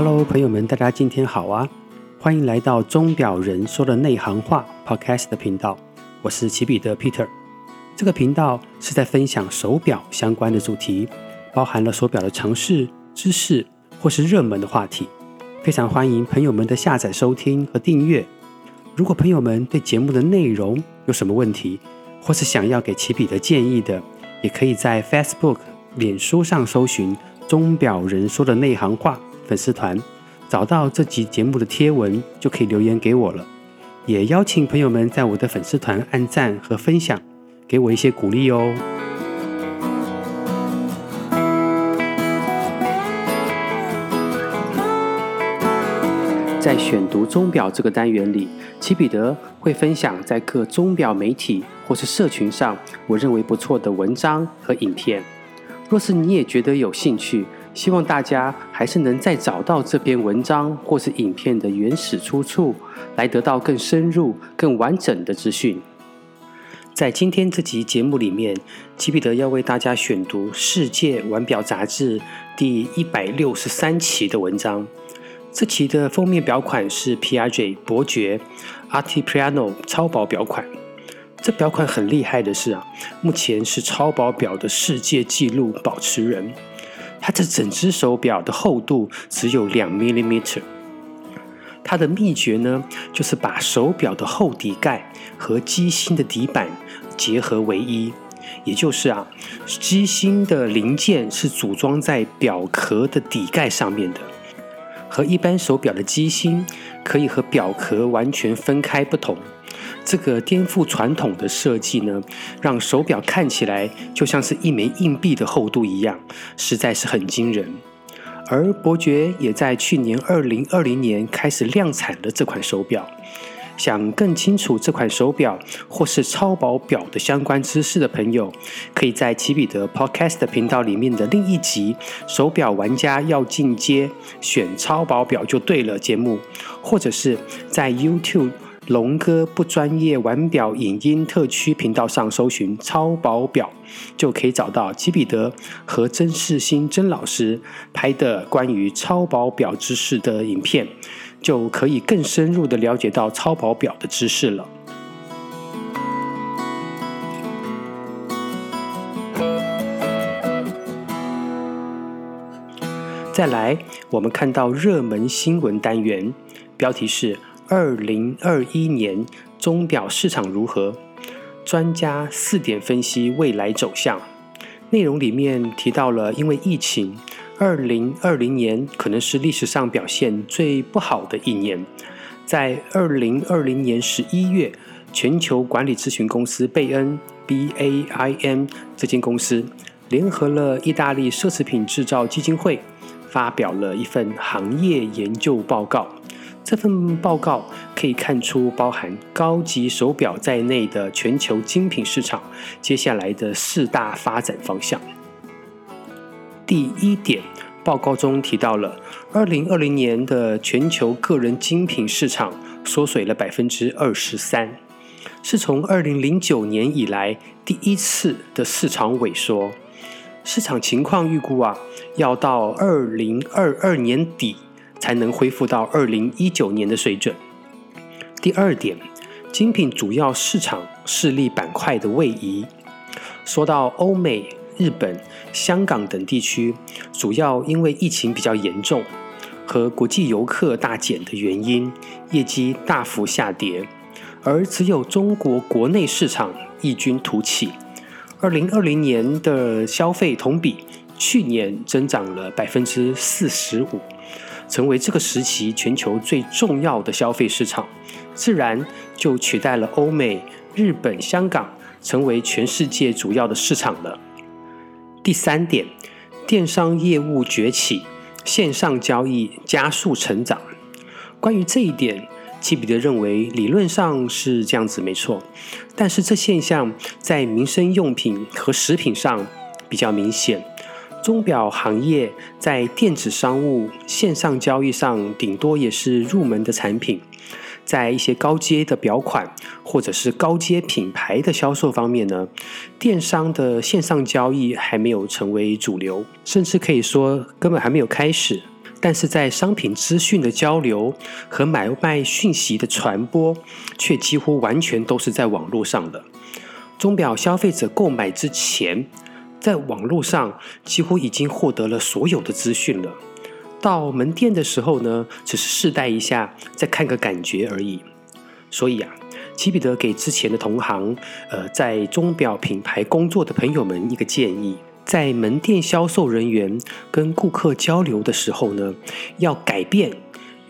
Hello，朋友們，大家今天好啊！歡迎來到《鐘表人說的內行話》Podcast 頻道，我是齊彼得 Peter。這個頻道是在分享手表相關的主題，包含了手表的常識、知識或是熱門的話題。非常歡迎朋友們的下載、收聽和訂閱。如果朋友們對節目的內容有什麼問題，或是想要給齊彼得建議的，也可以在 Facebook、臉書上搜尋《鐘表人說的內行話》粉絲團找到這集節目的貼文，就可以留言給我了。也邀請朋友們在我的粉絲團按讚和分享，給我一些鼓勵哦。在選讀鐘錶這個單元裡，齊彼得會分享在各鐘錶媒體或是社群上我認為不錯的文章和影片。若是你也覺得有興趣，希望大家還是能再找到這篇文章或是影片的原始出處，來得到更深入、更完整的資訊。在今天這集節目裡面，齊彼得要為大家選讀《世界腕錶雜誌》第一百六十三期的文章。這期的封面表款是 Piaget 伯爵 Altiplano 超薄表款。這表款很厲害的是啊，目前是超薄表的世界紀錄保持人。它這整隻手錶的厚度只有兩 millimeter，它的秘訣呢，就是把手錶的厚底蓋和機芯的底板結合為一，也就是啊，機芯的零件是組裝在表殼的底蓋上面的，和一般手錶的機芯可以和表殼完全分開不同。這個顛覆傳統的設計呢，讓手表看起來就像是一枚硬幣的厚度一樣，實在是很驚人。而伯爵也在去年二零二零年開始量產了這款手表。想更清楚這款手表或是超薄表的相關知識的朋友，可以在齊彼得 Podcast 頻道裡面的另一集《手表玩家要進階選超薄表》就對了節目，或者是在 YouTube。龍哥不專業玩表影音特區頻道上搜尋超薄表，就可以找到齊彼得和曾世新曾老師拍的關於超薄表知識的影片，就可以更深入的了解到超薄表的知識了。再來，我們看到熱門新聞單元，標題是。二零二一年鐘錶市場如何？專家四點分析未來走向。內容裡面提到了，因為疫情，二零二零年可能是歷史上表現最不好的一年。在二零二零年十一月，全球管理諮詢公司貝恩 B-A-I-N 這間公司聯合了意大利奢侈品製造基金會，發表了一份行業研究報告。這份報告可以看出，包含高級手錶在內的全球精品市場接下來的四大發展方向。第一點，報告中提到了，二零二零年的全球個人精品市場縮水了百分之二十三，是從二零零九年以來第一次的市場萎縮。市場情況預估啊，要到二零二二年底。才能恢復到二零一九年的水準。第二點，精品主要市場勢力板塊的位移。說到歐美、日本、香港等地區，主要因為疫情比較嚴重和國際遊客大減的原因，業績大幅下跌。而只有中國國內市場異軍突起，二零二零年的消費同比去年增長了百分之四十五。成為這個時期全球最重要的消費市場，自然就取代了歐美、日本、香港，成為全世界主要的市場了。第三點，電商業務崛起，線上交易加速成長。關於這一點，齊彼得認為理論上是這樣子，沒錯。但是這現象在民生用品和食品上比較明顯。鐘錶行業在電子商務線上交易上，頂多也是入門的產品，在一些高階的表款或者是高階品牌的銷售方面呢，電商的線上交易還沒有成為主流，甚至可以說根本還沒有開始。但是在商品資訊的交流和買賣訊息的傳播，卻幾乎完全都是在網絡上的。鐘錶消費者購買之前，在網絡上幾乎已經獲得了所有的資訊了，到門店的時候呢，只是試戴一下，再看個感覺而已。所以啊，齊彼得給之前的同行，呃，在鐘錶品牌工作的朋友們一個建議：在門店銷售人員跟顧客交流的時候呢，要改變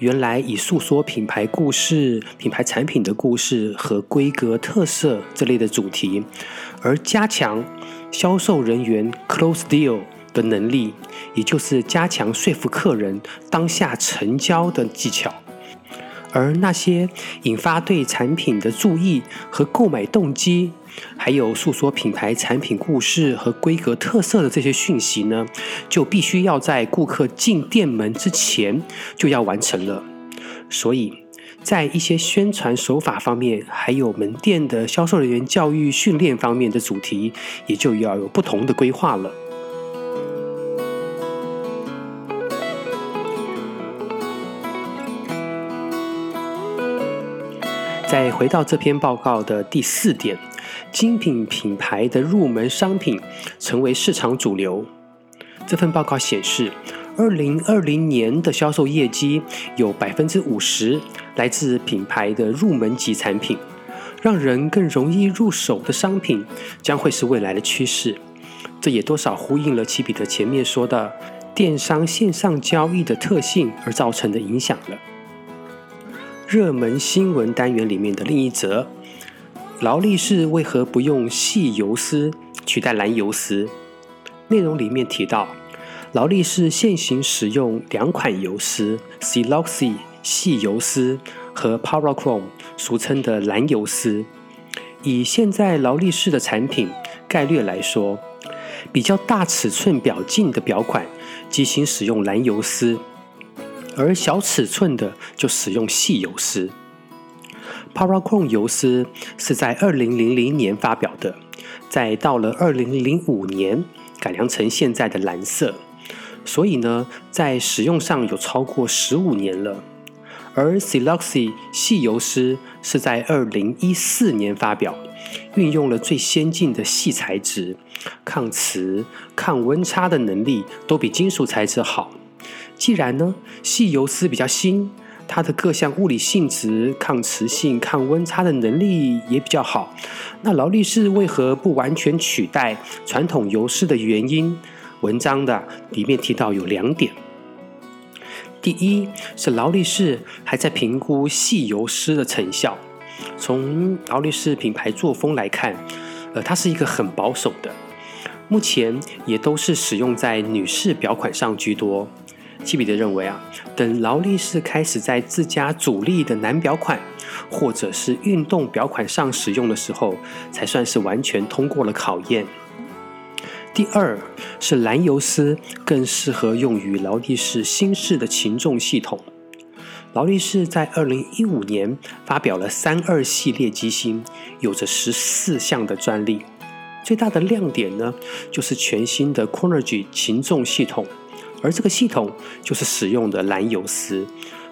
原來以訴說品牌故事、品牌產品的故事和規格特色這類的主題，而加強。銷售人員 close deal 的能力，也就是加強說服客人當下成交的技巧，而那些引發對產品的注意和購買動機，還有訴說品牌產品故事和規格特色的這些訊息呢，就必須要在顧客進店門之前就要完成了。所以。在一些宣傳手法方面，還有門店的銷售人員教育訓練方面的主題，也就要有不同的規劃了。再回到這篇報告的第四點，精品品牌的入門商品成為市場主流。這份報告顯示，二零二零年的銷售業績有百分之五十來自品牌的入門級產品，讓人更容易入手的商品將會是未來的趨勢。這也多少呼應了齊彼得前面說的電商線上交易的特性而造成的影響了。熱門新聞單元裡面的另一則，勞力士為何不用矽游絲取代藍游絲？內容裡面提到。勞力士現行使用兩款游絲 Syloxi 矽游絲，和 Parachrom 俗稱的藍游絲。以現在勞力士的產品概略來說，比較大尺寸表徑的表款，機芯使、使用藍游絲；而小尺寸的就使用矽游絲。Parachrom 游絲是在2000年發表的，在到了2005年改良成現在的藍色。所以呢，在使用上有超過十五年了，而 Syloxi 矽游絲是在二零一四年發表，運用了最先進的矽材質，抗磁、抗溫差的能力都比金屬材質好。既然呢，矽游絲比較新，它的各項物理性質、抗磁性、抗溫差的能力也比較好，那勞力士為何不完全取代傳統游絲的原因？文章的裡面提到有兩點，第一是勞力士還在評估矽游絲的成效。從勞力士品牌作風來看，呃，它是一個很保守的，目前也都是使用在女士表款上居多。齊彼得認為啊，等勞力士開始在自家主力的男表款或者是運動表款上使用的時候，才算是完全通過了考驗。第二是藍游絲更適合用於勞力士新式的擒縱系統。勞力士在二零一五年發表了三二系列機芯，有着十四項的專利。最大的亮點呢，就是全新的 Chronergy 擒縱系統，而這個系統就是使用的藍游絲，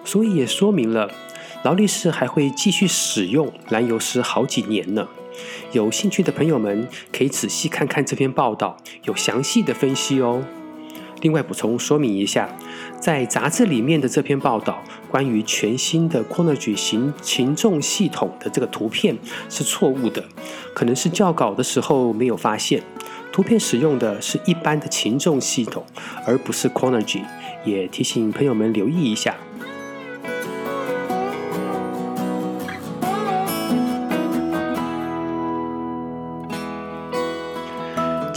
所以也說明了勞力士還會繼續使用藍游絲好幾年呢。有興趣的朋友們可以仔細看看這篇報道，有詳細的分析哦。另外補充說明一下，在雜誌裡面的這篇報道關於全新的 Chronergy 擒擒縱系統的這個圖片是錯誤的，可能是校稿的時候沒有發現。圖片使用的是一般的擒縱系統，而不是 Chronergy。也提醒朋友們留意一下。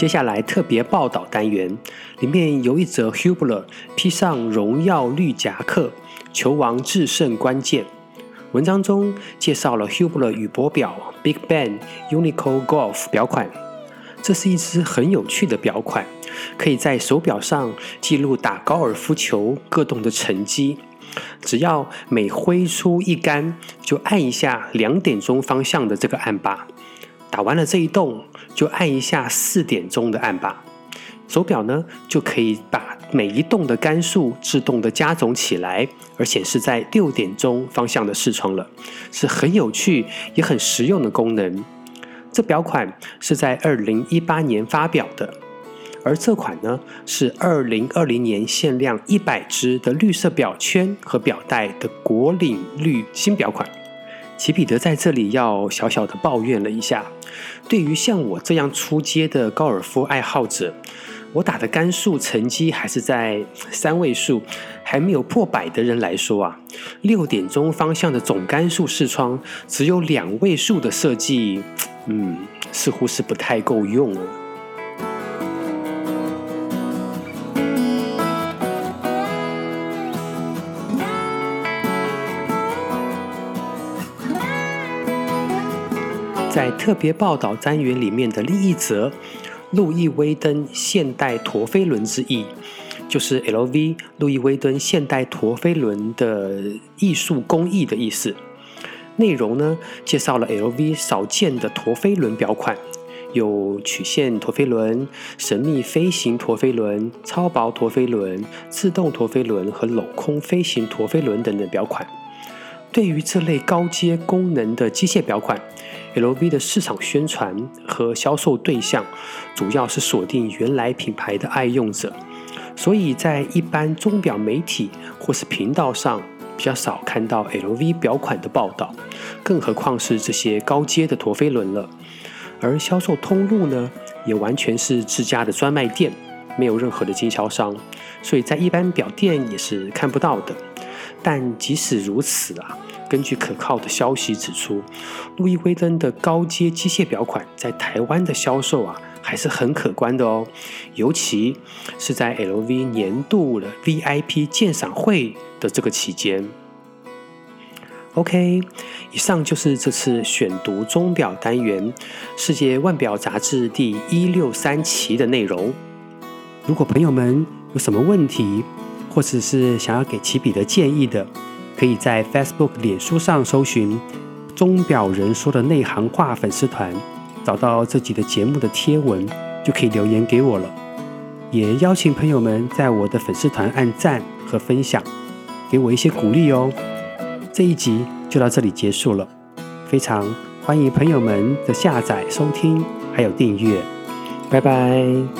接下來特別報道單元裡面有一則 HUBLOT 披上榮耀綠夾克，球王制勝關鍵。文章中介紹了 HUBLOT 宇舶表 Big Bang Unico Golf 表款，這是一只很有趣的表款，可以在手表上記錄打高爾夫球各洞的成績。只要每揮出一杆，就按一下兩點鐘方向的這個按把。打完了這一洞，就按一下四點鐘的按把，手表呢就可以把每一洞的桿數自動的加總起來，而顯示在六點鐘方向的視窗了，是很有趣也很實用的功能。這表款是在二零一八年發表的，而這款呢是二零二零年限量一百只的綠色表圈和表帶的果嶺綠新表款。齊彼得在這裡要小小的抱怨了一下，對於像我這樣初階的高爾夫愛好者，我打的桿數成績還是在三位數，還沒有破百的人來說啊，六點鐘方向的總桿數視窗只有兩位數的設計，嗯，似乎是不太夠用了。在特別報道單元裡面的另一則，路易威登現代陀飛輪之藝，就是 L V 路易威登現代陀飛輪的藝術工藝的意思。內容呢，介紹了 L V 少見的陀飛輪錶款，有曲線陀飛輪、神秘飛行陀飛輪、超薄陀飛輪、自動陀飛輪和鏤空飛行陀飛輪等等錶款。對於這類高階功能的機械錶款，LV 的市場宣傳和銷售對象主要是鎖定原來品牌的愛用者，所以在一般鐘錶媒體或是頻道上比較少看到 LV 表款的報道，更何況是這些高階的陀飛輪了。而銷售通路呢，也完全是自家的專賣店，沒有任何的經銷商，所以在一般表店也是看不到的。但即使如此啊，根據可靠的消息指出，路易威登的高階機械錶款在台灣的銷售啊還是很可觀的哦，尤其是在 LV 年度的 VIP 鑑賞會的這個期間。OK，以上就是這次選讀鐘錶單元《世界腕錶雜誌》第一六三期的內容。如果朋友們有什麼問題，或者是想要給齊彼得的建議的，可以在 Facebook 臉書上搜尋“鐘錶人說的內行話”粉絲團，找到這集的節目的貼文，就可以留言給我了。也邀請朋友們在我的粉絲團按讚和分享，給我一些鼓勵哦。這一集就到這裡結束了，非常歡迎朋友們的下載、收聽還有訂閱，拜拜。